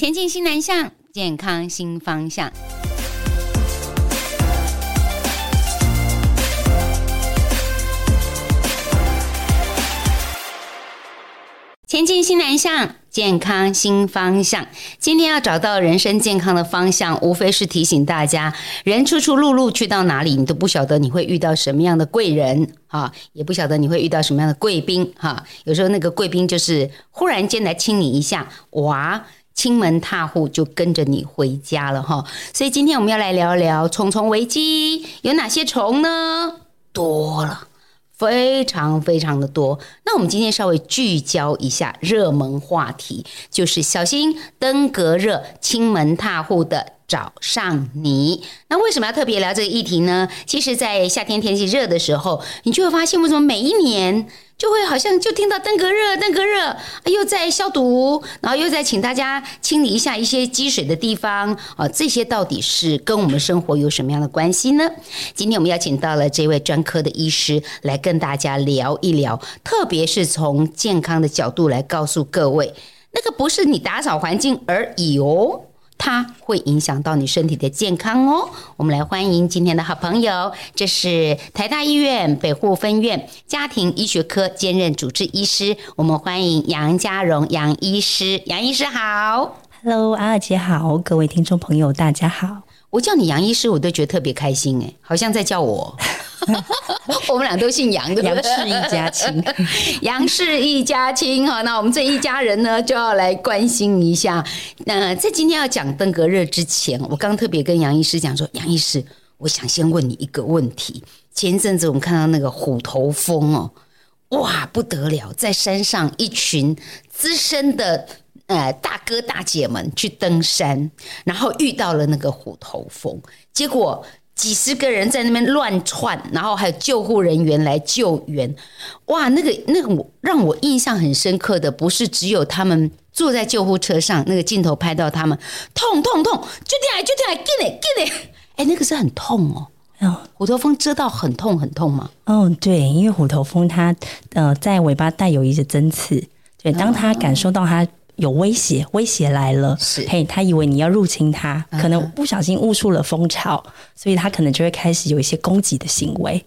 前進新南向，健康新方向。前進新南向，健康新方向。今天要找到人生健康的方向，無非是提醒大家，人出出入入去到哪裡，你都不曉得你會遇到什麼樣的貴人，也不曉得你會遇到什麼樣的貴賓。有時候那個貴賓就是忽然間來親你一下，哇！親門踏戶就跟着你回家了哈，所以今天我們要來聊聊蟲蟲危機，有哪些蟲呢？多了，非常非常的多。那我們今天稍微聚焦一下熱門話題，就是小心登革熱親門踏戶的找上你。那為什麼要特別聊這個議題呢？其實，在夏天天氣熱的時候，你就會發現為什麼每一年。就會好像就聽到登革熱，登革熱，又在消毒，然後又在請大家清理一下一些積水的地方。哦，這些到底是跟我們生活有什麼樣的關係呢？今天我們邀請到了這位專科的醫師來跟大家聊一聊，特別是從健康的角度來告訴各位，那個不是你打掃環境而已哦。它會影響到你身體的健康哦。我們來歡迎今天的好朋友，這是台大醫院北護分院家庭醫學科兼任主治醫師，我們歡迎楊佳容楊醫師。楊醫師好，Hello，阿娥姐好，各位聽眾朋友大家好。我叫你楊醫師，我都覺得特別開心哎、欸，好像在叫我。 我們倆都姓楊，楊 氏一家親，楊氏一家親哈。那我們這一家人呢，就要來關心一下。那在今天要講登革熱之前，我剛特別跟楊醫師講說，楊醫師，我想先問你一個問題。前陣子我們看到那個虎頭蜂哦，哇，不得了，在山上一群資深的。呃，嗯、大哥大姐們去登山，然後遇到了那個虎頭蜂，結果幾十個人在那邊亂竄，然後還有救護人員來救援。哇，那個那個我讓我印象很深刻的，不是只有他們坐在救護車上，那個鏡頭拍到他們痛痛痛，就這樣就這樣，給你給你。哎，那個是很痛哦。哦，虎頭蜂蟄到很痛很痛嗎？哦，對，因為虎頭蜂它呃在尾巴帶有一些針刺，對，當它感受到它。有威脅，威脅來了，嘿是，hey, 他以為你要入侵他，可能不小心誤觸了蜂巢，嗯、哼所以他可能就會開始有一些攻擊的行為。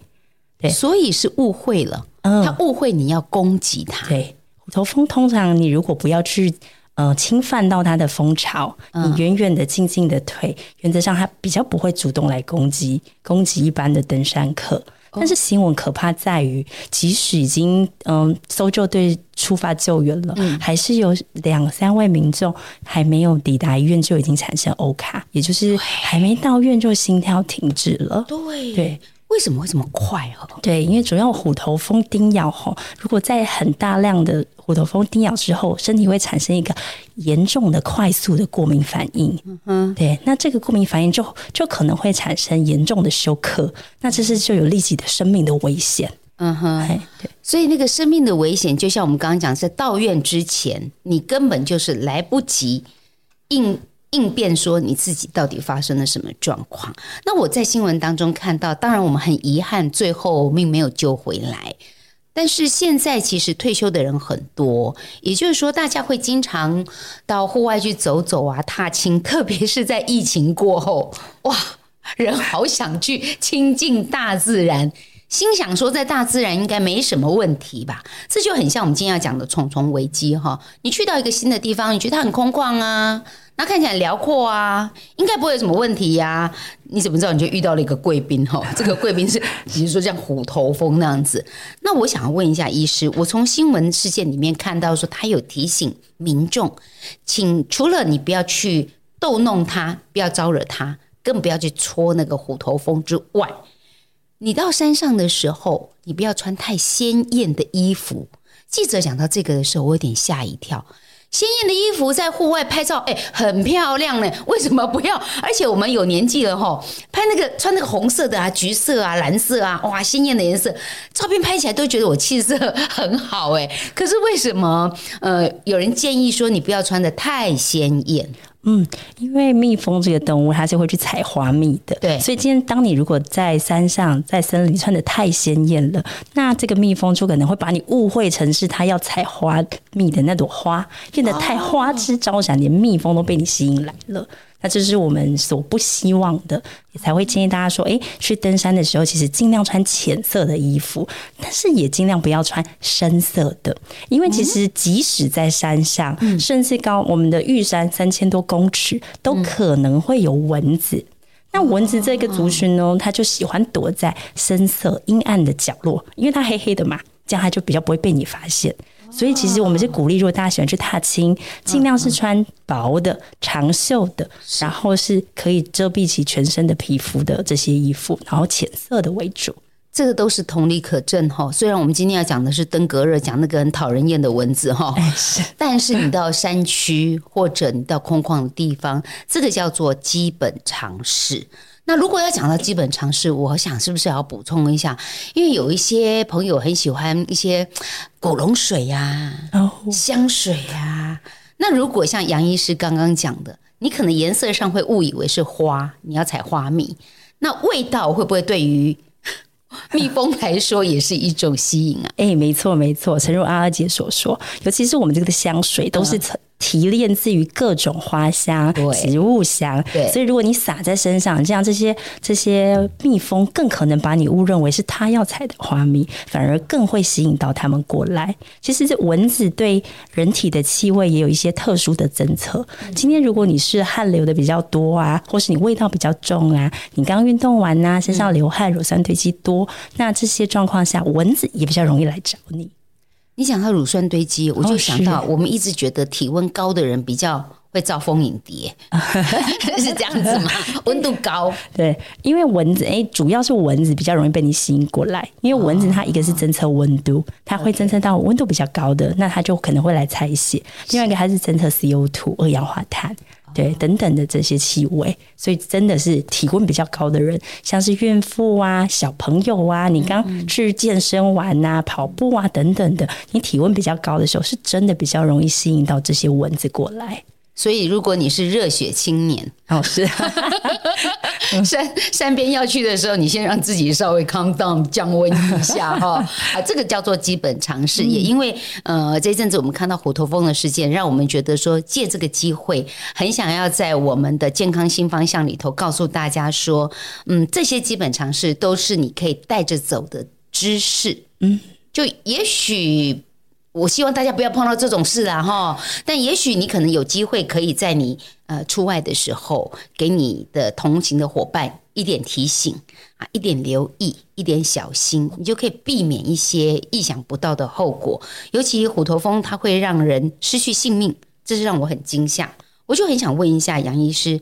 對，所以是誤會了，嗯、他誤會你要攻擊他。對，虎頭蜂通常你如果不要去呃侵犯到它的蜂巢，你遠遠的靜靜的退，嗯、原則上它比較不會主動來攻擊，攻擊一般的登山客。但是新聞可怕在於，即使已經嗯搜救隊出發救援了，嗯、還是有兩三位民眾還沒有抵達醫院就已經產生 OHCA，也就是還沒到院就心跳停止了。對對。對為什麼會這麼快哦？對，因為主要虎頭蜂叮咬吼，如果在很大量的虎頭蜂叮咬之後，身體會產生一個嚴重的、快速的過敏反應。嗯哼，對，那這個過敏反應就就可能會產生嚴重的休克，那這是就有立即的生命的危險。嗯哼，對，所以那個生命的危險，就像我們剛剛講，在到院之前，你根本就是來不及應。嗯應變說你自己到底發生了什麼狀況？那我在新聞當中看到，當然我們很遺憾，最後命沒有救回來。但是現在其實退休的人很多，也就是說大家會經常到戶外去走走啊、踏青，特別是在疫情過後，哇，人好想去親近大自然， 心想說在大自然應該沒什麼問題吧？這就很像我們今天要講的“蟲蟲危機”哈。你去到一個新的地方，你覺得它很空曠啊？那看起來遼闊啊，應該不會有什麼問題呀、啊？你怎麼知道你就遇到了一個貴賓哈？ 這個貴賓是比如說像虎頭蜂那樣子。那我想問一下醫師，我從新聞事件裡面看到說，他有提醒民眾，請除了你不要去逗弄他，不要招惹他，更不要去戳那個虎頭蜂之外，你到山上的時候，你不要穿太鮮豔的衣服。記者講到這個的時候，我有點嚇一跳。鮮豔的衣服在戶外拍照，哎、欸，很漂亮呢、欸。為什麼不要？而且我們有年紀了吼，拍那個穿那個紅色的啊、橘色啊、藍色啊，哇，鮮豔的顏色，照片拍起來都覺得我氣色很好哎、欸。可是為什麼？呃，有人建議說你不要穿得太鮮豔。嗯，因為蜜蜂這個動物，它是會去採花蜜的。對，所以今天當你如果在山上、在森林穿得太鮮豔了，那這個蜜蜂就可能會把你誤會成是它要採花蜜的那朵花，變得太花枝招展，哦、連蜜蜂都被你吸引來了。那這是我們所不希望的，也才會建議大家說：誒、欸，去登山的時候，其實盡量穿淺色的衣服，但是也盡量不要穿深色的，因為其實即使在山上，嗯、甚至高我們的玉山三千多公尺，都可能會有蚊子。嗯、那蚊子這個族群呢，它就喜歡躲在深色、陰暗的角落，因為它黑黑的嘛，這樣它就比較不會被你發現。所以其實我們是鼓勵，如果大家喜歡去踏青，盡量是穿薄的、長袖的，嗯嗯，然後是可以遮蔽起全身的皮膚的這些衣服，然後淺色的為主。這個都是同理可證哈。雖然我們今天要講的是登革熱，講那個很討人厭的蚊子。哈，但是你到山區或者你到空曠的地方，這個叫做基本常識。那如果要講到基本常識，我想是不是要補充一下？因為有一些朋友很喜歡一些古龍水呀、啊、oh. 香水啊。那如果像楊醫師剛剛講的，你可能顏色上會誤以為是花，你要採花蜜。那味道會不會對於蜜蜂來說也是一種吸引啊？ 哎，沒錯沒錯，誠如阿阿姐所說，尤其是我們這個香水都是成。嗯提煉自於各種花香、植物香，對，對。所以如果你撒在身上，這樣這些這些蜜蜂更可能把你誤認為是它要採的花蜜，反而更會吸引到它們過來。其實，這蚊子對人體的氣味也有一些特殊的偵測。嗯、今天如果你是汗流的比較多啊，或是你味道比較重啊，你剛運動完啊，身上流汗、乳酸堆積多，嗯、那這些狀況下，蚊子也比較容易來找你。你想到乳酸堆積，我就想到我們一直覺得體溫高的人比較會招蜂引蝶，哦、是， 是這樣子嗎？溫度高，對，因為蚊子哎、欸，主要是蚊子比較容易被你吸引過來，因為蚊子它一個是偵測溫度，它會偵測到溫度、哦、度比較高的，那它就可能會來採血，是另外一個它是偵測 CO2 二氧化碳。對，等等的這些氣味，所以真的是體溫比較高的人，像是孕婦啊、小朋友啊，你剛去健身完啊、跑步啊等等的，你體溫比較高的時候，是真的比較容易吸引到這些蚊子過來。所以，如果你是熱血青年，哦、oh, 是，是 山山邊要去的時候，你先讓自己稍微 calm down 降溫一下哈。 啊，這個叫做基本常識。嗯、也因為，呃，這一陣子我們看到虎頭蜂的事件，讓我們覺得說，借這個機會，很想要在我們的健康新方向裡頭，告訴大家說，嗯，這些基本常識都是你可以帶着走的知識。嗯，就也許。我希望大家不要碰到這種事啦，哈，但也許你可能有機會可以在你呃出外的時候，給你的同行的夥伴一點提醒啊，一點留意，一點小心，你就可以避免一些意想不到的後果。尤其虎頭蜂，它會讓人失去性命，這是讓我很驚嚇。我就很想問一下楊醫師，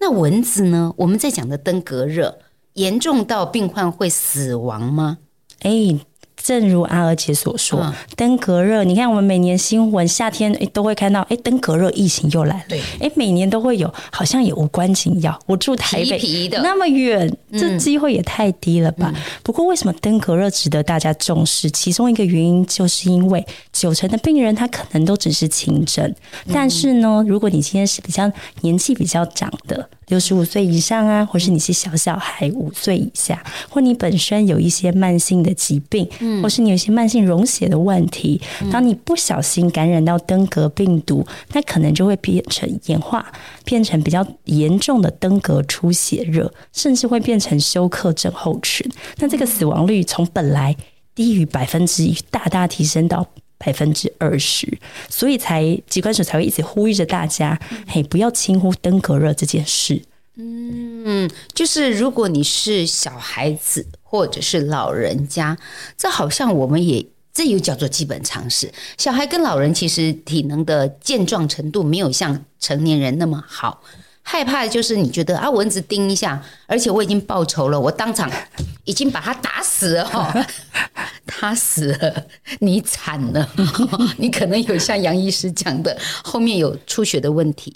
那蚊子呢？我們在講的登革熱，嚴重到病患會死亡嗎？誒、欸。正如阿娥姐所說，登、嗯、革熱，你看我們每年新聞夏天都會看到，誒、欸，登革熱疫情又來了。誒對、欸，每年都會有，好像也無關緊要。我住台北，的那麼遠，這機會也太低了吧？嗯、不過，為什麼登革熱值得大家重視？其中一個原因就是因為九成的病人他可能都只是輕症，但是呢，如果你今天是比較年紀比較長的，六十五歲以上啊，或是你是小小孩五歲以下，或你本身有一些慢性的疾病。或是你有一些慢性溶血的問題，當你不小心感染到登革病毒，嗯、那可能就會變成演化，變成比較嚴重的登革出血熱，甚至會變成休克症候群。那這個死亡率從本來低於百分之一，大大提升到百分之二十，所以才疾管署才會一直呼籲着大家，嘿、嗯，hey, 不要輕忽登革熱這件事。嗯。嗯，就是如果你是小孩子或者是老人家，這好像我們也這又叫做基本常識。小孩跟老人其實體能的健壯程度沒有像成年人那麼好。害怕的就是你覺得啊，蚊子叮一下，而且我已經報仇了，我當場已經把它打死了，哈，它死了，你慘了，你可能有像楊醫師講的，後面有出血的問題，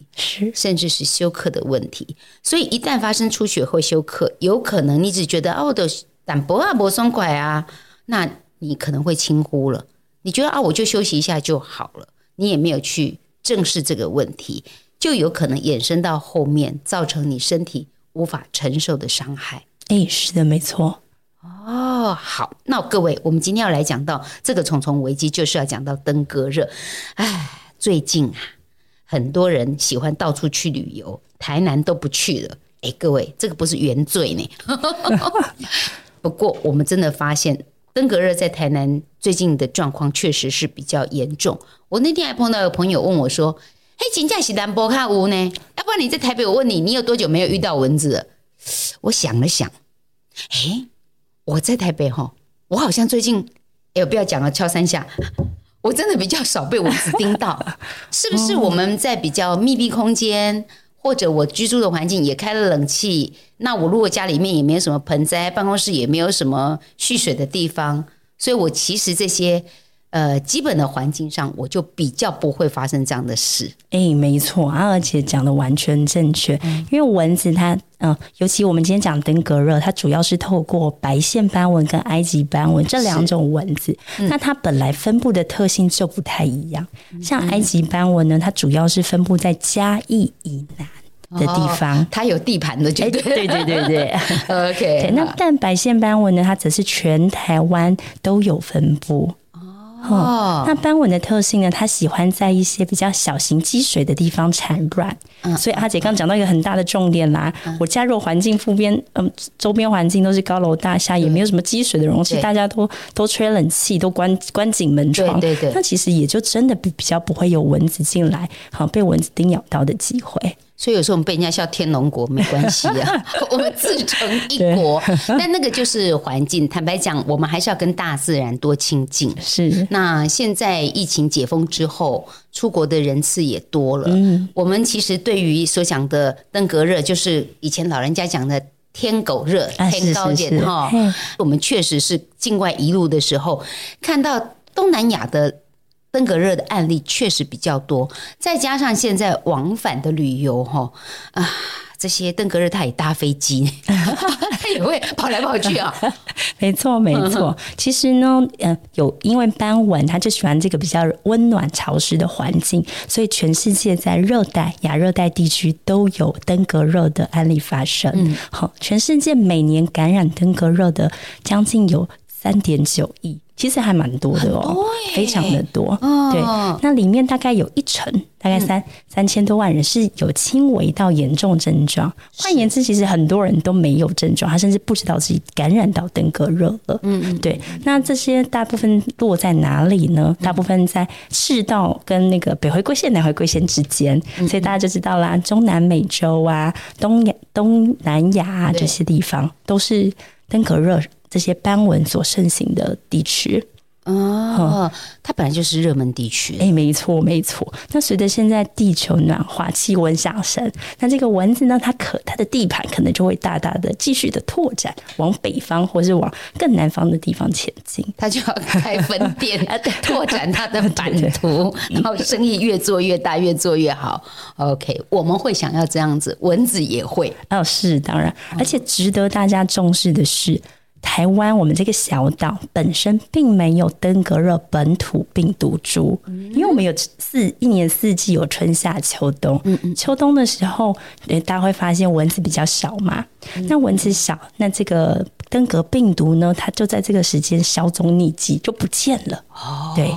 甚至是休克的問題。所以一旦發生出血或休克，有可能你只覺得啊我的膽博啊搏松拐啊，那你可能會輕忽了，你覺得啊我就休息一下就好了，你也沒有去正視這個問題。就有可能衍生到後面，造成你身體無法承受的傷害。哎，是的，沒錯。哦，oh, 好，那各位，我們今天要來講到這個蟲蟲危機，就是要講到登革熱。哎，最近啊，很多人喜歡到處去旅遊，台南都不去了。哎，各位，這個不是原罪呢。 不過，我們真的發現登革熱在台南最近的狀況確實是比較嚴重。我那天還碰到有朋友問我說。你真假是南波卡屋呢？要不然你在台北？我問你，你有多久沒有遇到蚊子了？我想了想，哎、欸，我在台北吼，我好像最近哎，欸、不要講了，敲三下，我真的比較少被蚊子叮到。 是不是我們在比較密閉空間，或者我居住的環境也開了冷氣？那我如果家裡面也沒有什麼盆栽，辦公室也沒有什麼蓄水的地方，所以我其實這些。呃，基本的環境上，我就比較不會發生這樣的事。哎、欸，沒錯啊，而且講的完全正確。嗯、因為蚊子它呃，尤其我們今天講登革熱，它主要是透過白線斑蚊跟埃及斑蚊這兩種蚊子。嗯嗯、那它本來分布的特性就不太一樣。嗯、像埃及斑蚊呢，它主要是分布在嘉義以南的地方，哦、它有地盤的絕對、欸。對對對對 ，OK 對。那但白線斑蚊呢，它則是全台灣都有分布。哦，那斑蚊的特性呢？它喜歡在一些比較小型積水的地方產卵，嗯、所以阿姐剛講到一個很大的重點啦。我家如果環境周邊，嗯，呃、周邊環境都是高樓大廈，嗯、也沒有什麼積水的容器，對大家都都吹冷氣，都關關緊門窗，對對對，那其實也就真的比比較不會有蚊子進來，好被蚊子叮咬到的機會。對對對嗯所以有時候我們被人家叫天龍國沒關係啊，我們自成一國。但那個就是環境，坦白講，我們還是要跟大自然多親近。是。那現在疫情解封之後，出國的人次也多了。嗯。我們其實對於所講的登革熱，就是以前老人家講的天狗熱、天高點哈。我們確實是境外移路的時候，看到東南亞的。登革熱的案例確實比較多，再加上現在往返的旅遊，哈啊，這些登革熱他也搭飛機，他 也會跑來跑去啊。沒錯，沒錯。其實呢，嗯、呃，有因為斑蚊，他就喜歡這個比較溫暖潮濕的環境，所以全世界在熱帶、亞熱帶地區都有登革熱的案例發生。好、嗯，全世界每年感染登革熱的將近有，三點九億，其實還蠻多的哦，非常的多。Oh. 對，那裡面大概有一成，大概三、嗯、三千多萬人是有輕微到嚴重症狀。是換言之，其實很多人都沒有症狀，他甚至不知道自己感染到登革熱了。嗯,嗯，對。那這些大部分落在哪裡呢？嗯、大部分在赤道跟那個北回歸線、南回歸線之間，嗯、哼所以大家就知道啦，中南美洲啊、東亞、東南亞、啊、這些地方對都是登革熱。這些斑蚊所盛行的地區哦，oh, 嗯、它本來就是熱門地區。哎、欸，沒錯，沒錯。那隨着現在地球暖化，氣溫上升，那這個蚊子呢，它可它的地盤可能就會大大的繼續的拓展，往北方或是往更南方的地方前進。它就要開分店，啊， 拓展它的版圖， 然後生意越做越大，越做越好。OK，我們會想要這樣子，蚊子也會。哦，是當然，oh. 而且值得大家重視的是。台灣，我們這個小島本身並沒有登革熱本土病毒株，因為我們有四一年四季有春夏秋冬。嗯嗯，秋冬的時候，大家會發現蚊子比較少嘛。嗯嗯，那蚊子少，那這個登革病毒呢，它就在這個時間銷聲匿跡，就不見了。哦，對。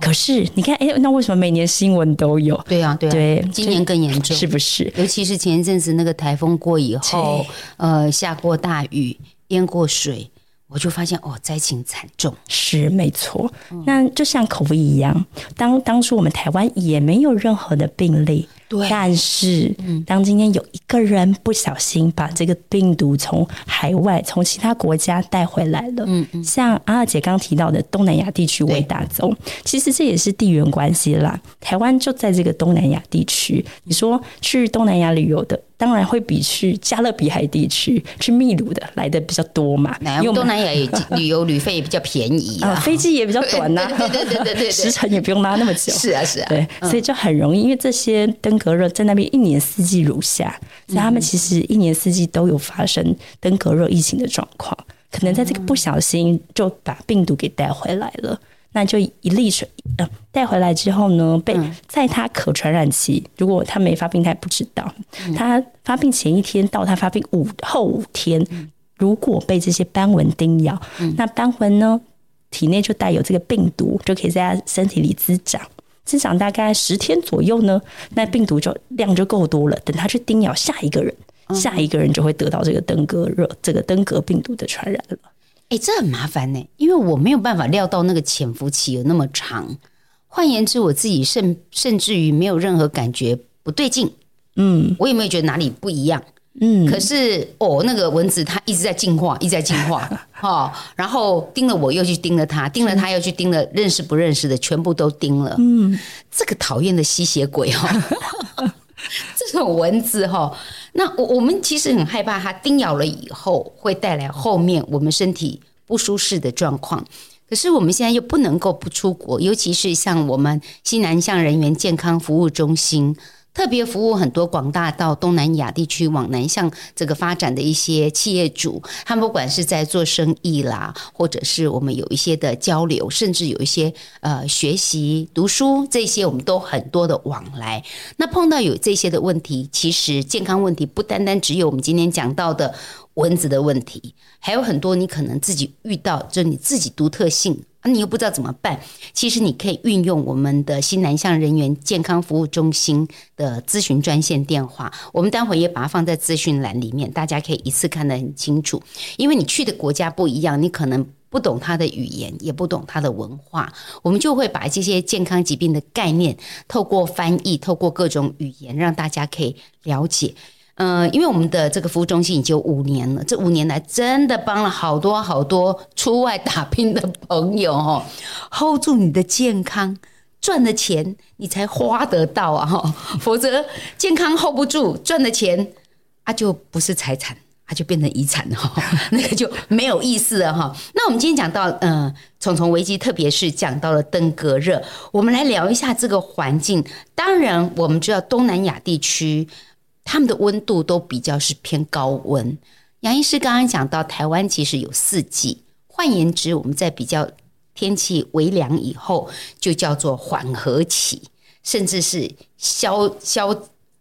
可是你看，哎、欸，那為什麼每年新聞都有？對呀、啊啊，對。今年更嚴重，是不是？尤其是前一陣子那個台風過以後，是呃，下過大雨。淹過水，我就發現哦，災情慘重，是沒錯。那就像 COVID 一樣，嗯、當當初我們台灣也沒有任何的病例，對，但是、嗯、當今天有一個人不小心把這個病毒從海外、從、嗯、其他國家帶回來了，嗯嗯，像阿娥姐剛提到的東南亞地區為大宗，對其實這也是地緣關係啦。台灣就在這個東南亞地區，你說去東南亞旅遊的。當然會比去加勒比海地區、去秘魯的來得比較多嘛，因為東南亞旅遊 旅費也比較便宜啊，啊飛機也比較短吶、啊， 對對對對對，對，時程也不用拉那麼久，是啊是啊，是啊對，所以就很容易，嗯、因為這些登革熱在那邊一年四季如夏，所以他們其實一年四季都有發生登革熱疫情的狀況，可能在這個不小心就把病毒給帶回來了。嗯那就一粒水呃帶回來之後呢，被在他可傳染期，如果他沒發病，他也不知道。他發病前一天到他發病五後五天，如果被這些斑蚊叮咬，那斑蚊呢體內就帶有這個病毒，就可以在他身體裡滋長，滋長大概十天左右呢，那病毒就量就夠多了。等他去叮咬下一個人，下一個人就會得到這個登革熱，這個登革病毒的傳染了。哎，這、欸、很麻煩呢，因為我沒有辦法料到那個潛伏期有那麼長。換言之，我自己甚甚至於沒有任何感覺不對勁，嗯，我也沒有覺得哪裡不一樣，嗯。可是哦，那個蚊子它一直在進化，一直在進化， 哦，然後叮了我又去叮了它，叮了它又去叮了認識不認識的，全部都叮了，嗯，這個討厭的吸血鬼哦。 這種蚊子吼，那我我們其實很害怕它叮咬了以後會帶來後面我們身體不舒適的狀況。可是我們現在又不能夠不出國，尤其是像我們新南向人員健康服務中心。特別服務很多廣大到東南亞地區往南向這個發展的一些企業主，他們不管是在做生意啦，或者是我們有一些的交流，甚至有一些呃學習讀書這些，我們都很多的往來。那碰到有這些的問題，其實健康問題不單單只有我們今天講到的蚊子的問題，還有很多你可能自己遇到，就你自己獨特性。那、啊、你又不知道怎麼辦？其實你可以運用我們的新南向人員健康服務中心的諮詢專線電話，我們待會也把它放在資訊欄裡面，大家可以一次看得很清楚。因為你去的國家不一樣，你可能不懂它的語言，也不懂它的文化，我們就會把這些健康疾病的概念透過翻譯，透過各種語言，讓大家可以了解。嗯、呃，因為我們的這個服務中心已經五年了，這五年來真的幫了好多好多出外打拼的朋友哦，hold 住你的健康，賺了錢你才花得到啊，否則健康 hold 不住，賺了錢啊就不是財產，啊就變成遺產哈、哦，那個就沒有意思了哈、哦。 那我們今天講到嗯、呃，蟲蟲危機，特別是講到了登革熱，我們來聊一下這個環境。當然，我們知道東南亞地區。他們的溫度都比較是偏高溫。楊醫師剛剛講到，台灣其實有四季。換言之，我們在比較天氣微涼以後，就叫做緩和期，甚至是消消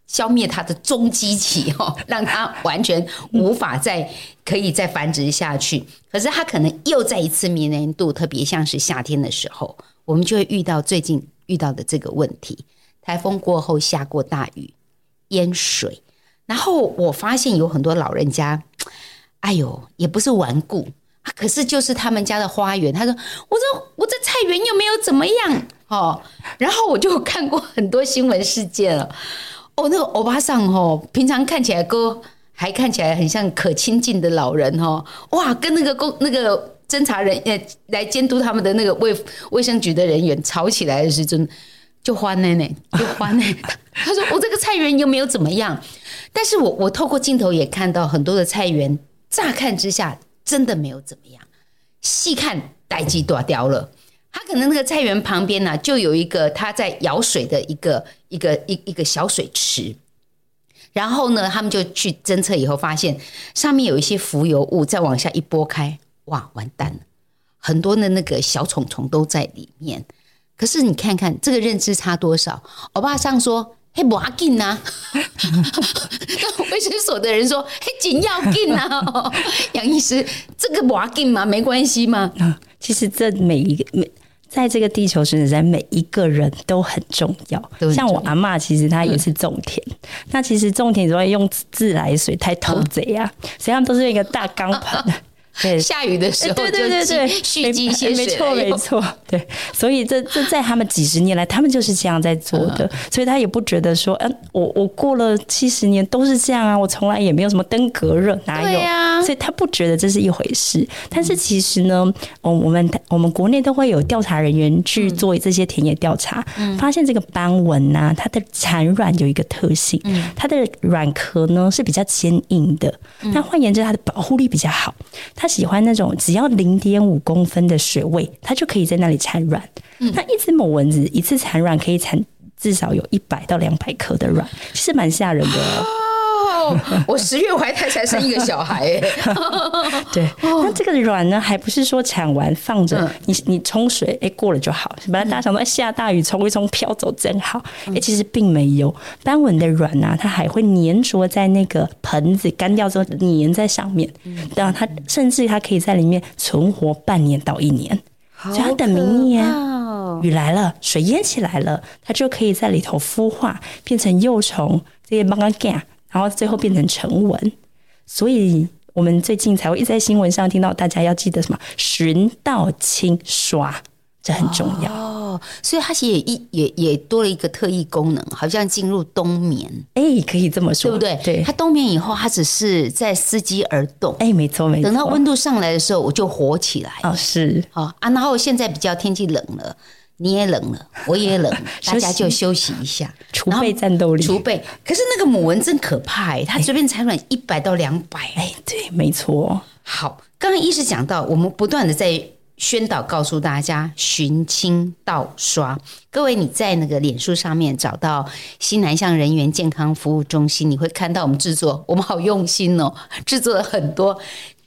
消滅它的中基期哦，讓它完全無法再 可以再繁殖下去。可是它可能又再一次明年度特別像是夏天的時候，我們就會遇到最近遇到的這個問題：颱風過後下過大雨。淹水，然後我發現有很多老人家，哎呦，也不是頑固、啊、可是就是他們家的花園，他說：“我這我這菜園又沒有怎麼樣哦。”然後我就看過很多新聞事件了，哦，那個歐巴桑，哦，平常看起來夠還看起來很像可親近的老人哦，哇，跟那個公那個偵查人員來監督他們的那個衛衛生局的人員吵起來的時候，就花嫩嫩，就花嫩。欸、 他說：“我、哦、這個菜園又沒有怎麼樣。”但是我我透過鏡頭也看到很多的菜園，乍看之下真的沒有怎麼樣，細看待機爪掉了。他可能那個菜園旁邊呢、啊，就有一個他在舀水的一個一個一一個小水池，然後呢，他們就去偵測以後發現上面有一些浮游物，再往下一撥開，哇，完蛋了，很多的那個小蟲蟲都在裡面。可是你看看這個認知差多少？歐巴桑說嘿無要緊吶，衛、啊、 生所的人說，嘿井要井、啊、吶，楊 醫師這個無要緊嘛沒關係、啊、嘛。其實這每一個在這個地球上，每一個人都很重要。重要像我阿媽其實她也是種田，那、嗯、其實種田主要用自來水太偷賊啊，實際上都是一個大缸盆。啊啊下雨的時候，對、欸、對對對，蓄積一些水沒錯沒錯，對，所以這這在他們幾十年來， 他們就是這樣在做的，所以他也不覺得說，嗯、欸，我我過了七十年都是這樣啊，我從來也沒有什麼登革熱？哪有？啊、所以他不覺得這是一回事。但是其實呢，我、嗯、我們我們國內都會有調查人員去做這些田野調查，嗯、發現這個斑蚊吶、啊，它的產卵有一個特性，它的卵殼呢是比較堅硬的，那換、嗯、言之，它的保護力比較好，它。喜歡那種只要零點五公分的水位，它就可以在那裡產卵。它、嗯、一只母蚊子一次產卵可以產至少有一百到兩百顆的卵，就是蠻嚇人的。 哦、我十月懷胎才生一個小孩哎、欸， 對。那這個卵呢，還不是說產完放着，你你沖水哎、欸、過了就好。本來大家想到、欸、下大雨沖一沖飄走真好，哎、欸、其實並沒有。斑蚊的卵呢、啊，它還會粘着在那個盆子乾掉之後粘在上面。對啊，它甚至它可以在裡面存活半年到一年，所以它等明年雨來了，水淹起來了，它就可以在裡頭孵化變成幼蟲這些毛毛干，然後最後變成，成蟲。所以我們最近才會一直在新聞上聽到大家要記得什麼，巡倒清刷，這很重要哦。所以它其實也一也也多了一個特異功能，好像進入冬眠。哎，可以這麼說，對不對？對，它冬眠以後，它只是在伺機而動。哎，沒錯沒錯。等到溫度上來的時候，我就活起來。哦，是。哦。啊，然後現在比較天氣冷了。你也冷了，我也冷，大家就休息一下，儲息後備戰鬥力，儲備。可是那個母蚊真可怕哎、欸，欸、它隨便產卵一百到兩百哎，對，沒錯。好，剛剛一直講到，我們不斷的在宣導，告訴大家巡、清、倒、刷。各位，你在那個臉書上面找到新南向人員健康服務中心，你會看到我們製作，我們好用心哦，製作了很多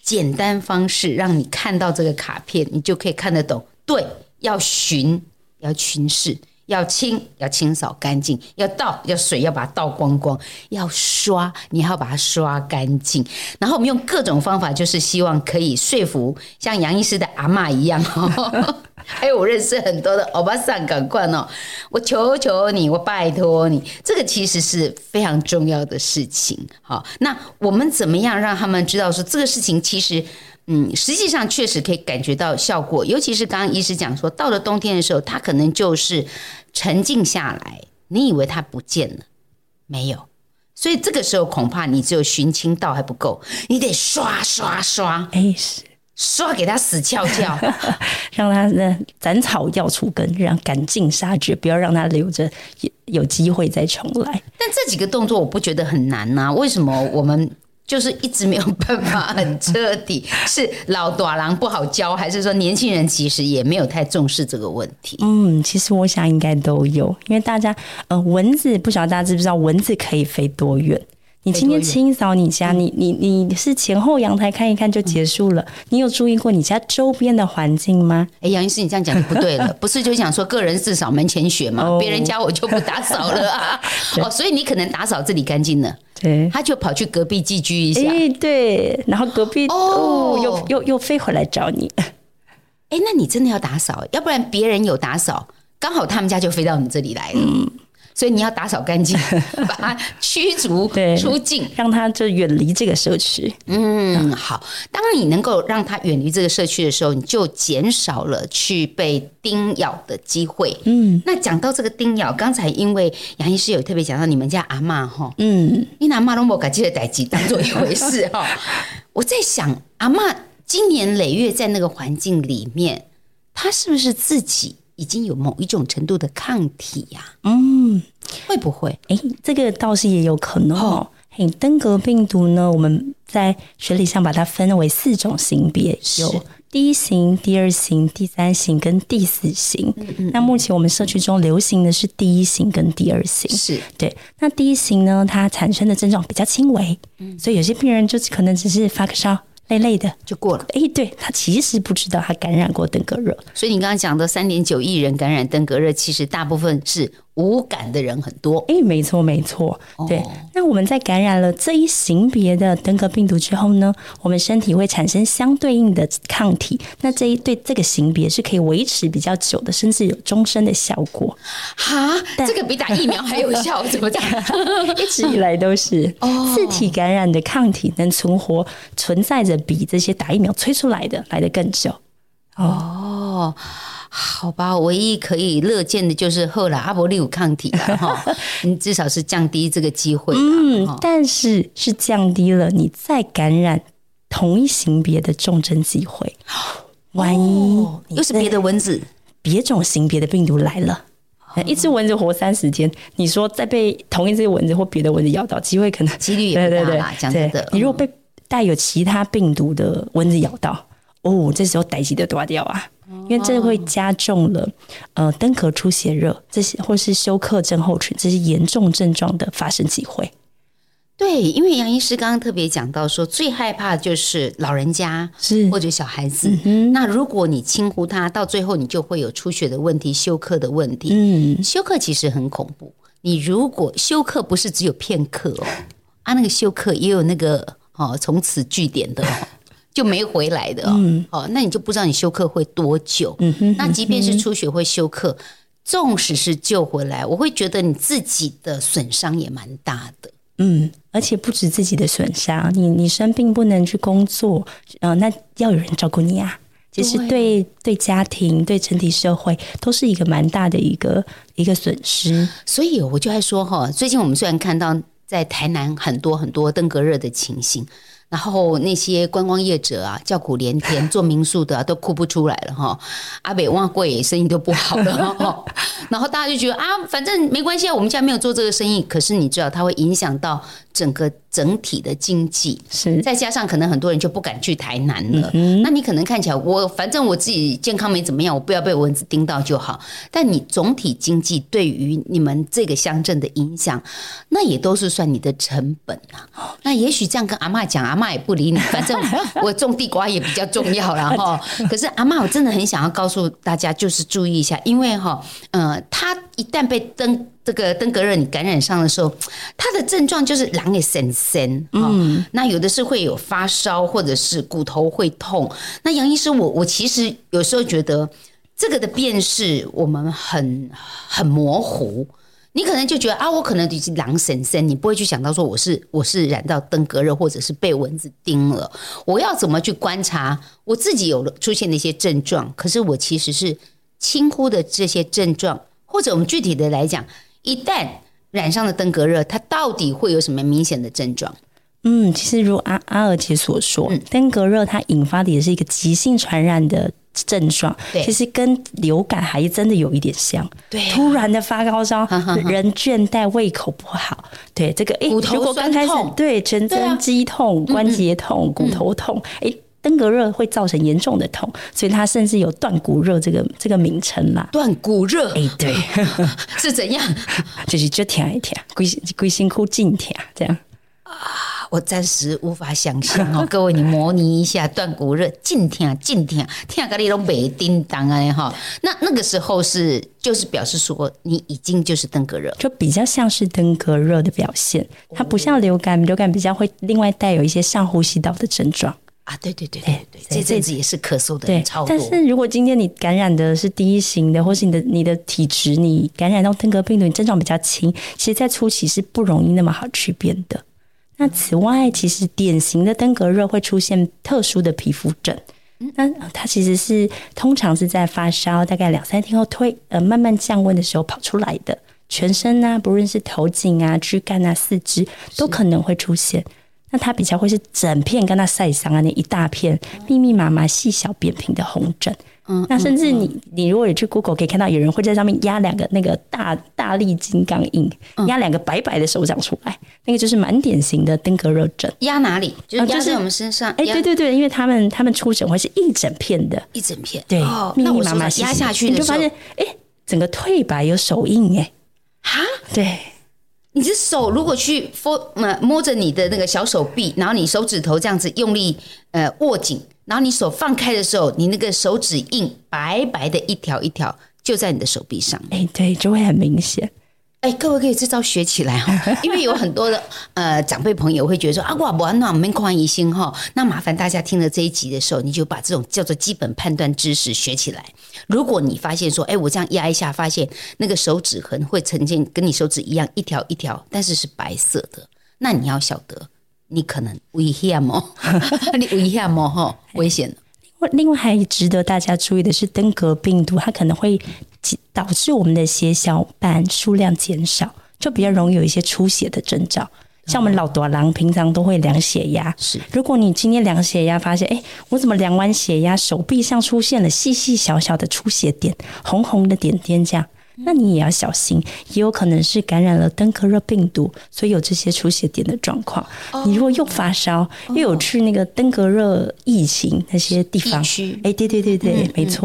簡單方式，讓你看到這個卡片，你就可以看得懂。對，要巡。要巡視，要清，要清掃乾淨，要倒，要水，要把它倒光光，要刷，你還要把它刷乾淨。然後我們用各種方法，就是希望可以說服像楊醫師的阿嬤一樣、哦， 還有我認識很多的歐巴桑長官哦，我求求你，我拜托你，這個其實是非常重要的事情。好，那我們怎麼樣讓他們知道說這個事情其實？嗯，實際上確實可以感覺到效果，尤其是剛剛醫師講說，到了冬天的時候，它可能就是沉靜下來。你以為它不見了？沒有，所以這個時候恐怕你只有巡清倒還不夠，你得刷刷刷，哎是刷給他死翹翹，讓他斬草要除根，然後趕盡殺絕，不要讓他留着有有機會再重來。但這幾個動作我不覺得很難吶、啊，為什麼我們？ 就是一直沒有辦法很徹底，是老大人不好教，還是說年輕人其實也沒有太重視這個問題？嗯，其實我想應該都有，因為大家呃，蚊子不曉得大家知不知道，蚊子可以飛多遠？你今天清掃你家，嗯、你你你是前後陽台看一看就結束了。嗯、你有注意過你家周邊的環境嗎？哎、欸，楊醫師，你這樣講就不對了， 不是就想說個人自掃門前雪嗎？別、哦、人家我就不打掃了啊。 對哦，所以你可能打掃這裡乾淨了，對，他就跑去隔壁寄居一下。誒、欸，對，然後隔壁哦，又又又飛回來找你。誒、欸，那你真的要打掃，要不然別人有打掃，剛好他們家就飛到你這裡來了。嗯。所以你要打掃乾淨，把它驅逐出境， 讓它就遠離這個社區。嗯，好。當你能夠讓它遠離這個社區的時候，你就減少了去被叮咬的機會。嗯，那講到這個叮咬，剛才因為楊醫師有特別講到你們家阿嬤哈，嗯，你們阿嬤都沒把這些代誌當做一回事哈。 我在想，阿嬤經年累月在那個環境裡面，她是不是自己？已經有某一種程度的抗體呀、啊，嗯，會不會？哎，這個倒是也有可能、哦。嘿、哦，登革病毒呢，我們在學理上把它分為四種型別，有第一型、第二型、第三型跟第四型。那是目前我們社區中流行的是第一型跟第二型，是對。那第一型呢，它產生的症狀比較輕微，嗯、所以有些病人就可能只是發個燒。累累的就過了。哎，對，他其實不知道他感染過登革熱，所以你剛剛講的三點九億人感染登革熱，其實大部分是。無感的人很多，哎，沒錯沒錯，對。哦、那我們在感染了這一型別的登革病毒之後呢，我們身體會產生相對應的抗體，那這一對這個型別是可以維持比較久的，甚至有終身的效果。哈，對這個比打疫苗還有效， 怎麼講？ 一直以來都是，自體感染的抗體能存活，哦、存在着比這些打疫苗催出來的來的更久。哦。哦好吧，唯一可以樂見的就是後來阿伯利有抗體了哈，你 至少是降低這個機會。嗯，但是是降低了你再感染同一型別的重症機會。哦、萬一又是別的蚊子，別種型別的病毒來了，哦、一隻蚊子活三十天，你說再被同一隻蚊子或別的蚊子咬到，機會可能幾率也不大了。講真的，對嗯、你如果被帶有其他病毒的蚊子咬到，哦，這時候代誌就大條啊。因為這會加重了，oh. 呃，登革出血熱這些，或是休克症候群這些嚴重症狀的發生機會。對，因為楊醫師剛剛特別講到說，說最害怕的就是老人家是或者小孩子，嗯、哼那如果你輕忽他，到最後你就會有出血的問題、休克的問題。嗯，休克其實很恐怖，你如果休克不是只有片刻哦， 啊，那個休克也有那個哦，從此句點的，哦。 就沒回來的哦，嗯、哦，那你就不知道你休克會多久。嗯、哼那即便是出血會休克，縱、嗯、哼使是救回來，我會覺得你自己的損傷也蠻大的。嗯，而且不止自己的損傷，你你生病不能去工作，呃、那要有人照顧你啊，就是對其實對，對家庭、對整體社會都是一個蠻大的一個一個損失。所以我就還說哈、哦，最近我們雖然看到在台南很多很多登革熱的情形。然後那些觀光業者啊，叫苦連天，做民宿的，啊，都哭不出來了哈。阿北旺貴生意都不好了哦， 然後大家就覺得啊，反正沒關係啊，我們家沒有做這個生意，可是你知道它會影響到整個。整體的經濟是，再加上可能很多人就不敢去台南了。嗯哼，那你可能看起來我反正我自己健康沒怎麼樣，我不要被蚊子叮到就好。但你總體經濟對於你們這個鄉鎮的影響，那也都是算你的成本啊。那也許這樣跟阿嬤講，阿嬤也不理你。反正我種地瓜也比較重要啦哈。 可是阿嬤，我真的很想要告訴大家，就是注意一下，因為哈，嗯、呃，她。一旦被登這個登革熱感染上的時候，他的症狀就是狼懶森森嗯、哦，那有的是會有發燒，或者是骨頭會痛。那楊醫生，我我其實有時候覺得這個的辨識我們很很模糊。你可能就覺得啊，我可能已經狼懶森，你不會去想到說我是我是染到登革熱，或者是被蚊子叮了。我要怎麼去觀察我自己有出現的一些症狀？可是我其實是輕忽的這些症狀。或者我們具體的來講，一旦染上了登革熱，它到底會有什麼明顯的症狀？嗯，其實如阿阿月娥姐所說，登革、嗯、熱它引發的也是一個急性傳染的症狀，對其實跟流感還真的有一點像。啊、突然的發高燒，哈哈哈哈，人倦怠，胃口不好。對，這個哎，誒骨頭酸痛剛開始，對，全身肌痛、啊、關節痛、嗯嗯骨頭痛，嗯誒登革熱會造成嚴重的痛，所以它甚至有斷骨熱這個這個名稱啦。斷骨熱，哎，對， 是怎樣？就是就聽一舔，龜龜辛苦進舔。這樣啊，我暫時無法想象哦，各位你模擬一下斷骨熱進舔。進舔，舔下個裡攏袂叮噹哎哈。那那個時候是就是表示說你已經就是登革熱，就比較像是登革熱的表現，哦、它不像流感，流感比較會另外帶有一些上呼吸道的症狀。啊，對對對對對，對對這這陣子也是咳嗽的對，超多對，但是如果今天你感染的是第一型的，或是你的你的體質，你感染到登革病毒，你症狀比較輕，其實在初期是不容易那麼好區辨的。那此外，其實典型的登革熱會出現特殊的皮膚疹，嗯、那它其實是通常是在發燒大概兩三天後退呃慢慢降溫的時候跑出來的，全身啊，不論是頭頸啊、軀幹啊、四肢，都可能會出現。那它比較會是整片跟它曬傷啊，那一大片密密麻麻、細小扁平的紅疹。嗯，那甚至你、嗯、你如果有去 Google 可以看到，有人會在上面壓兩個那個大大力金剛印，壓兩個白白的手掌出來，嗯、那個就是蠻典型的登革熱疹。壓哪裡？就是壓在我們身上。哎、啊，就是欸、對對對，因為他們他們出疹會是一整片的，一整片對，哦、密，密密麻麻壓下去，你就發現哎、欸，整個退白有手印哎。哈蛤，對。你的手如果去摸，摸着你的那個小手臂，然後你手指頭這樣子用力，呃，握緊，然後你手放開的時候，你那個手指印白白的一條一條，就在你的手臂上，哎、欸，對，就會很明顯。哎、欸，各位可以這招學起來哈、哦，因為有很多的呃長輩朋友會覺得說 啊，我不，不要那我們寬疑心哈，那麻煩大家聽了這一集的時候，你就把這種叫做基本判斷知識學起來。如果你發現說，哎、欸，我這樣壓一下，發現那個手指痕會呈現跟你手指一樣一條一條，但是是白色的，那你要曉得，你可能危險哦， 你危險哦，危險、哦。 另外還值得大家注意的是，登革病毒它可能會導致我們的血小板數量減少，就比較容易有一些出血的徵兆。嗯、像我們老大人平常都會量血壓，是。如果你今天量血壓發現，哎、欸，我怎麼量完血壓，手臂上出現了細細小小的出血點，紅紅的點點這樣。那你也要小心，也有可能是感染了登革熱病毒，所以有這些出血點的狀況。Oh, 你如果又發燒，oh. 又有去那個登革熱疫情那些地方，哎，疫區、欸，對對對對，嗯嗯沒錯。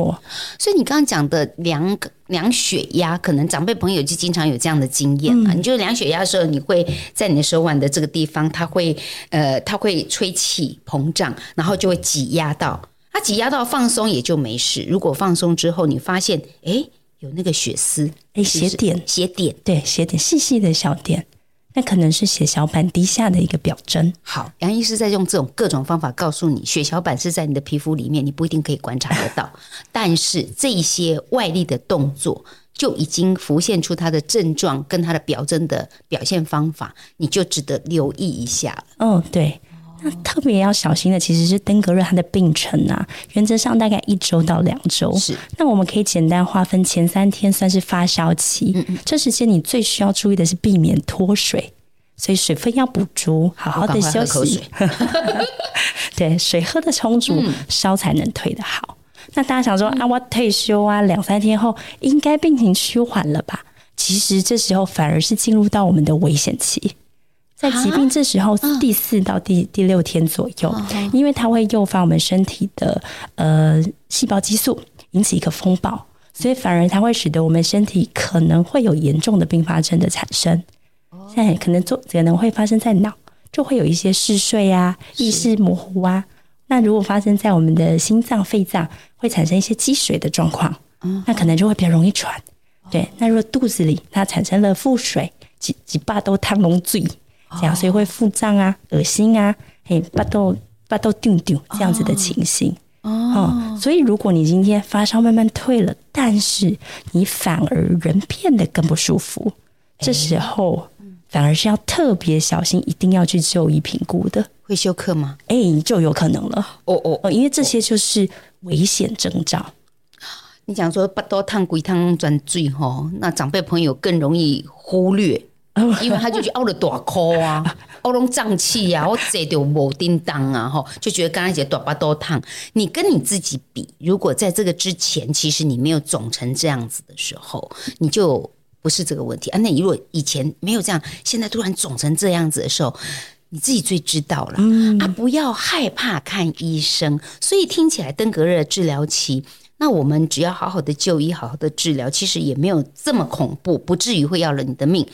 所以你剛剛講的量量血壓，可能長輩朋友就經常有這樣的經驗啊。嗯、你就量血壓的時候，你會在你的手腕的這個地方，它會呃，它會吹氣膨脹，然後就會擠壓到，它擠壓到放鬆也就沒事。如果放鬆之後，你發現誒。有那個血絲，哎、欸，血點，血點，對，血點細細的小點，那可能是血小板低下的一個表徵。好，楊醫師在用這種各種方法告訴你，血小板是在你的皮膚裡面，你不一定可以觀察得到， 但是這一些外力的動作就已經浮現出它的症狀跟它的表徵的表現方法，你就值得留意一下了。嗯，oh, 對。那特別要小心的其實是登革熱，它的病程啊，原則上大概一周到兩周。是，那我們可以簡單劃分，前三天算是發燒期，嗯嗯，這時間你最需要注意的是避免脫水，所以水分要補足，好好的休息。 對，水喝得充足，燒才能退得好。嗯、那大家想說、嗯、啊，我退休啊，兩三天後應該病情趨緩了吧？其實這時候反而是進入到我們的危險期。在疾病這時候是第四到第第六天左右，啊啊、因為它會誘發我們身體的呃細胞激素，引起一個風暴，所以反而它會使得我們身體可能會有嚴重的併發症的產生。現在可能做可能會發生在腦，就會有一些嗜睡啊、意識模糊啊。是那如果發生在我們的心臟、肺臟，會產生一些積水的狀況，那可能就會比較容易喘。啊、對，那如果肚子裡它產生了腹水，幾幾把都湯龍嘴。這樣，所以會腹脹啊、噁心啊、oh. 嘿、巴豆、巴豆丟丟這樣子的情形哦、oh. 嗯。所以，如果你今天發燒慢慢退了，但是你反而人變得更不舒服，oh. 這時候反而是要特別小心，一定要去就醫評估的。會休克嗎？哎、欸，就有可能了。哦哦哦，因為這些就是危險徵兆。Oh. Oh. Oh. 你講說巴豆、燙鬼、燙，轉嘴哈，那長輩朋友更容易忽略。 因為他就去凹了多口啊，凹了 我攏脹氣啊，我者就無叮當啊，吼，就覺得剛剛才多巴多燙。你跟你自己比，如果在這個之前，其實你沒有腫成這樣子的時候，你就不是這個問題啊。那你如果以前沒有這樣，現在突然腫成這樣子的時候，你自己最知道了。嗯、啊，不要害怕看醫生。所以聽起來登革熱治療期，那我們只要好好的就醫，好好的治療，其實也沒有這麼恐怖，不至於會要了你的命。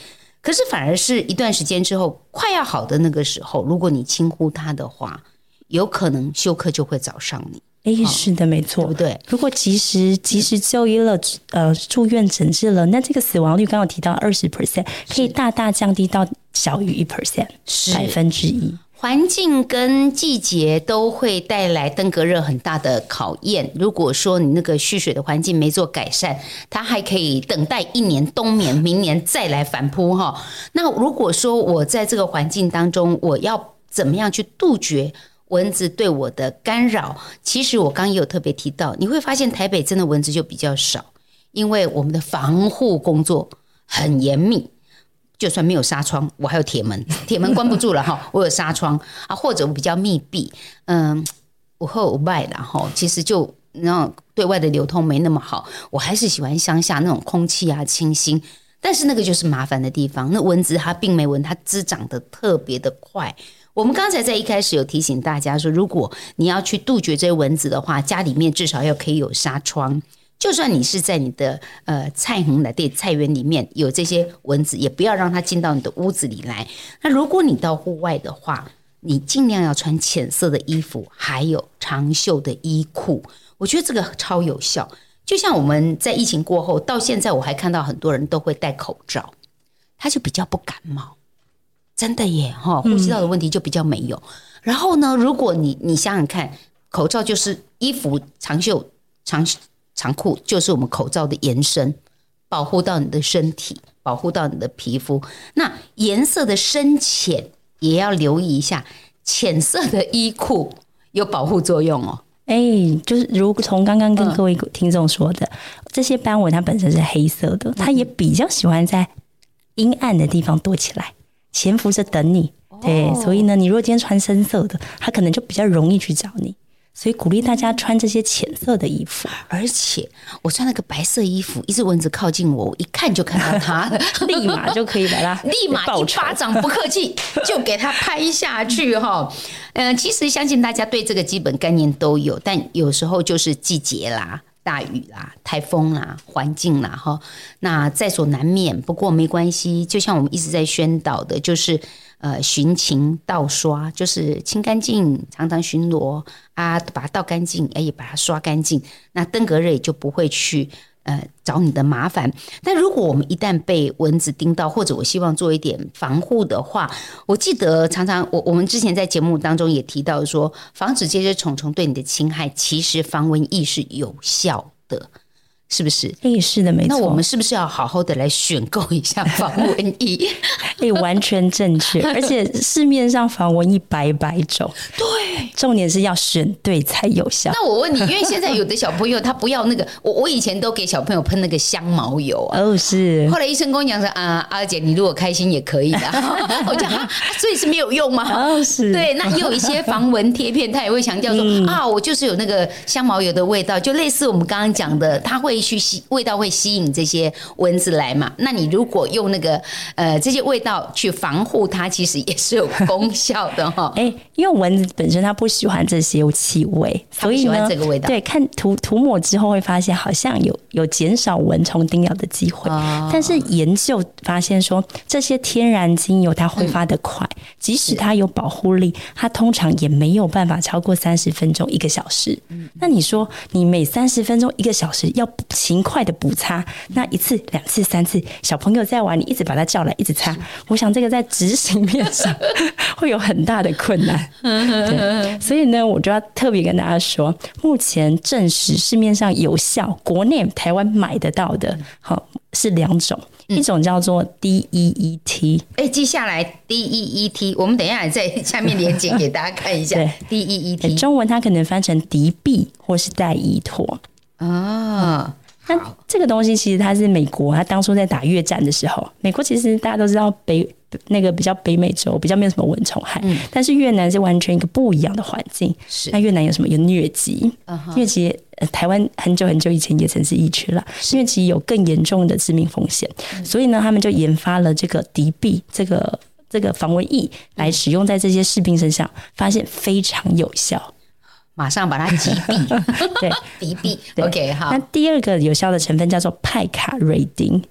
可是反而是一段時間之後快要好的那個時候，如果你輕忽它的話，有可能休克就會找上你。哎，是的，沒錯，哦、對不對。如果及時及時就醫了，呃，住院診治了，那這個死亡率剛剛提到二十 percent，可以大大降低到小於一 percent，百分之一。是，百分之一。環境跟季節都會帶來登革熱很大的考驗。如果說你那個蓄水的環境沒做改善，它還可以等待一年冬眠，明年再來反撲哈。那如果說我在這個環境當中，我要怎麼樣去杜絕蚊子對我的干擾？其實我剛也有特別提到，你會發現台北真的蚊子就比較少，因為我們的防護工作很嚴密。就算沒有紗窗，我還有鐵門，鐵門關不住了哈。我有紗窗啊， 或者我比較密閉，嗯，有好有壞啦。其實就那對外的流通沒那麼好，我還是喜歡鄉下那種空氣啊清新。但是那個就是麻煩的地方，那蚊子它並沒蚊，它滋長得特別的快。我們剛才在一開始有提醒大家說，如果你要去杜絕這些蚊子的話，家裡面至少要可以有紗窗。就算你是在你的呃菜棚、的菜菜園裡面有這些蚊子，也不要讓它進到你的屋子裡來。那如果你到戶外的話，你盡量要穿淺色的衣服，還有長袖的衣褲。我覺得這個超有效。就像我們在疫情過後到現在，我還看到很多人都會戴口罩，他就比較不感冒。真的耶，吼，呼吸道的問題就比較沒有。嗯、然後呢，如果你你想想看，口罩就是衣服長袖長。長褲就是我們口罩的延伸，保護到你的身體，保護到你的皮膚。那顏色的深淺也要留意一下，淺色的衣褲有保護作用哦。哎、欸，就是如從剛剛跟各位聽眾說的，嗯、這些斑蚊它本身是黑色的，它也比較喜歡在陰暗的地方躲起來，潛伏着等你。對，哦、所以呢，你如果今天穿深色的，它可能就比較容易去找你。所以鼓勵大家穿這些淺色的衣服，而且我穿了個白色衣服，一隻蚊子靠近我，我一看就看到它了， 立馬就可以把它 立馬一巴掌，不客氣就給它拍下去哈、 嗯。其實相信大家對這個基本概念，都有，但有時候就是季節啦、大雨啦、台風啦、環境啦，哈，那在所難免。不過沒關係，就像我們一直在宣導的，就是。呃，巡清倒刷，就是清乾淨，常常巡邏啊，把它倒乾淨，哎，也把它刷乾淨，那登革熱就不會去呃找你的麻煩。但如果我們一旦被蚊子叮到，或者我希望做一點防護的話，我記得常常我我們之前在節目當中也提到說，防止這些蟲蟲對你的侵害，其實防蚊液是有效的。是不是？哎、欸，是的，沒錯。那我們是不是要好好的來選購一下防蚊液？哎、 欸，完全正確。 而且市面上防蚊液百百種。對。重點是要選對才有效。那我問你，因為現在有的小朋友他不要那個，我 我以前都給小朋友噴那個香茅油哦、啊，oh, 是。後來醫生跟我講說，啊，阿姐，你如果開心也可以的。 我覺得、啊、所以是沒有用嗎？Oh, 是對，那也有一些防蚊貼片， 他也會強調說，啊，我就是有那個香茅油的味道，就類似我們剛剛講的，他會去吸味道，會吸引這些蚊子來嘛。那你如果用那個呃這些味道去防護它，其實也是有功效的哈。哎、欸，因為蚊子本身它。他不喜歡這些有氣味，超喜歡這個味道。所以呢，對，看塗塗抹之後會發現好像有有減少蚊蟲叮咬的機會。哦、但是研究發現說，這些天然精油它揮發的快，嗯、即使它有保護力，是它通常也沒有辦法超過三十分鐘一個小時。嗯、那你說，你每三十分鐘一個小時要勤快的補擦，那一次兩次三次，小朋友在玩，你一直把他叫來一直擦，是我想這個在執行面上 會有很大的困難。 所以呢，我就要特別跟大家說，目前證實市面上有效、國內台灣買得到的，好是兩種，嗯、一種叫做 D E E T、嗯。哎、欸，接下來 D E E T，我們等一下在下面連結給大家看一下。 對 D E E T 中文它可能翻成敵避，或是代依托。啊、哦。那、嗯、這個東西其實它是美國，它當初在打越戰的時候，美國其實大家都知道北。那個比較北美洲比較沒有什麼蚊蟲害，嗯、但是越南是完全一個不一樣的環境。是，那越南有什麼？有瘧疾。Uh huh、因為瘧疾，台灣很久很久以前也曾是疫區了。瘧疾有更嚴重的致命風險，是所以呢，他們就研發了這個敵避，這個這個防蚊液來使用在這些士兵身上，嗯、發現非常有效，馬上把它擊斃。 對，敵避。OK，好。那第二個有效的成分叫做派卡瑞丁。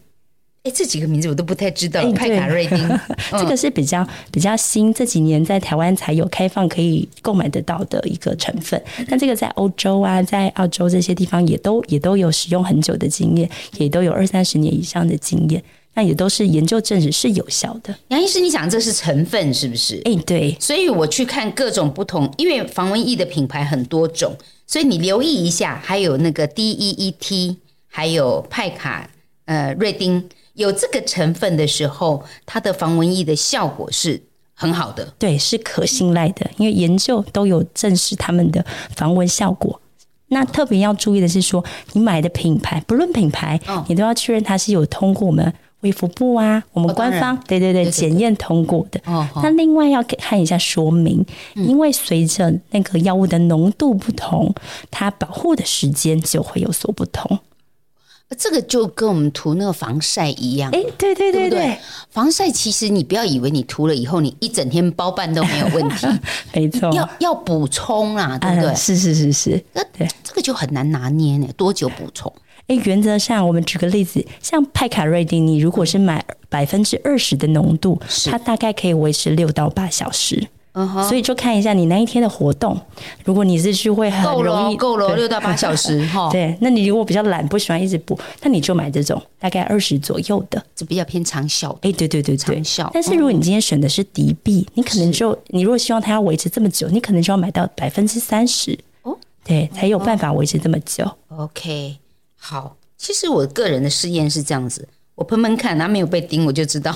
哎、欸，這幾個名字我都不太知道。欸、派卡瑞丁，呵呵嗯、這個是比較比較新，這幾年在台灣才有開放可以購買得到的一個成分。那、嗯、這個在歐洲啊，在澳洲這些地方也都也都有使用很久的經驗，也都有二三十年以上的經驗。那也都是研究證實是有效的。楊醫師，你想這是成分是不是？哎、欸，對。所以我去看各種不同，因為防蚊液的品牌很多種，所以你留意一下，還有那個 DEET，還有派卡呃瑞丁，有這個成分的時候，它的防蚊液的效果是很好的，對，是可信賴的，因為研究都有證實它們的防蚊效果。那特別要注意的是說，你買的品牌，不論品牌，嗯、你都要確認它是有通過我們衛福部啊，我們官方，哦、對對對，檢驗通過的。對對對，那另外要看一下說明，因為隨着那個藥物的濃度不同，嗯、它保護的時間就會有所不同。這個就跟我們塗那個防曬一樣，哎、欸，對對對對，對，不對，防曬其實你不要以為你塗了以後你一整天包辦都沒有問題， 沒錯，要要補充啦啊，對不對？是是是是，那對這個就很難拿捏呢，多久補充？哎、欸，原則上我們舉個例子，像派卡瑞丁，你如果是買百分之二十的濃度，是它大概可以維持六到八小時。Uh huh、所以就看一下你那一天的活動。如果你是去會很容易夠了，哦、了，對六到八小時哈。 對，那你如果比較懶，不喜歡一直補，那你就買這種大概二十左右的，就比較偏長效。哎、欸，對對對，長效。對但是如果你今天選的是敵避、嗯、你可能就你如果希望它要維持這麼久，你可能就要買到百分之三十哦，對，才有辦法維持這麼久。Uh huh. OK，好。其實我個人的試驗是這樣子，我噴噴看，它沒有被叮，我就知道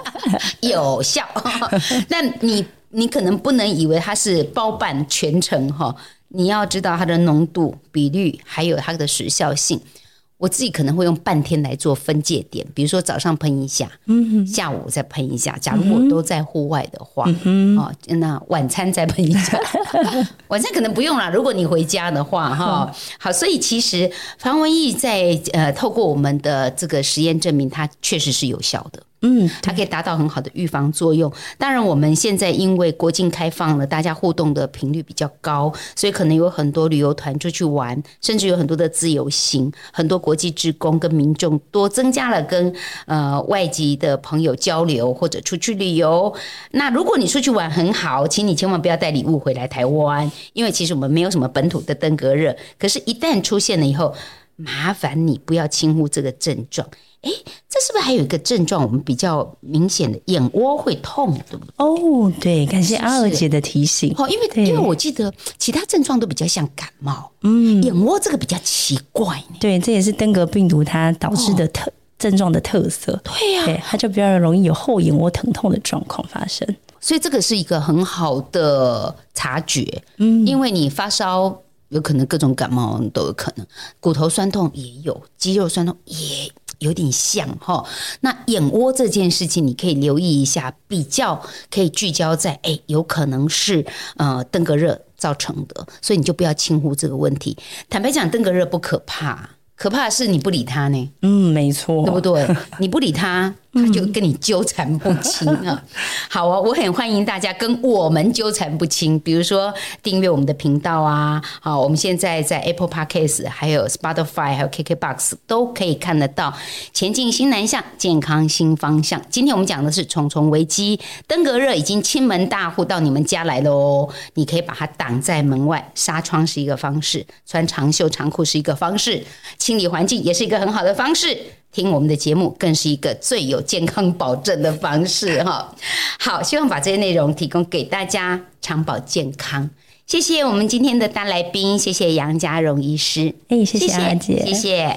有效。 但你。你可能不能以為它是包辦全程哈，你要知道它的濃度比率，還有它的時效性。我自己可能會用半天來做分界點，比如說早上噴一下，嗯、哼下午再噴一下。假如我都在戶外的話，嗯、哼哦，那晚餐再噴一下。嗯、哼 晚餐可能不用啦，如果你回家的話，哈， 好，所以其實防蚊液在呃透過我們的這個實驗證明，它確實是有效的。嗯，它可以達到很好的預防作用。當然，我們現在因為國境開放了，大家互動的頻率比較高，所以可能有很多旅游團出去玩，甚至有很多的自由行，很多國際職工跟民眾都增加了跟呃外籍的朋友交流或者出去旅游。那如果你出去玩很好，請你千萬不要帶禮物回來台灣，因為其實我們沒有什麼本土的登革熱，可是，一旦出現了以後。麻煩你不要輕忽這個症狀，哎，這是不是還有一個症狀？我們比較明顯的眼窩會痛的。對不對哦，對，感謝阿娥姐的提醒。是是哦、因為對因為我記得其他症狀都比較像感冒，嗯，眼窩這個比較奇怪。對，這也是登革病毒它導致的特、哦、症狀的特色。對呀、啊，對，它就比較容易有後眼窩疼痛的狀況發生。所以這個是一個很好的察覺，嗯、因為你發燒。有可能各種感冒都有可能，骨頭痠痛也有，肌肉痠痛也有點像哈。那眼窩這件事情，你可以留意一下，比較可以聚焦在哎，有可能是呃登革熱造成的，所以你就不要輕忽這個問題。坦白講，登革熱不可怕，可怕是你不理它呢。嗯，沒錯，對不對？你不理它。 他就跟你糾纏不清了啊。 好啊，我很歡迎大家跟我們糾纏不清。比如說訂閱我們的頻道啊，好，我們現在在 Apple Podcast、還有 Spotify、還有 KKBox 都可以看得到。前進新南向，健康新方向。今天我們講的是蟲蟲危機，登革熱已經侵門踏戶到你們家來了哦。你可以把它擋在門外，紗窗是一個方式，穿長袖長褲是一個方式，清理環境也是一個很好的方式。聽我們的節目，更是一個最有健康保證的方式哈。好，希望把這些內容提供給大家，長保健康。謝謝我們今天的大來賓，謝謝楊佳容醫師，哎，謝謝月娥姐謝謝，謝謝。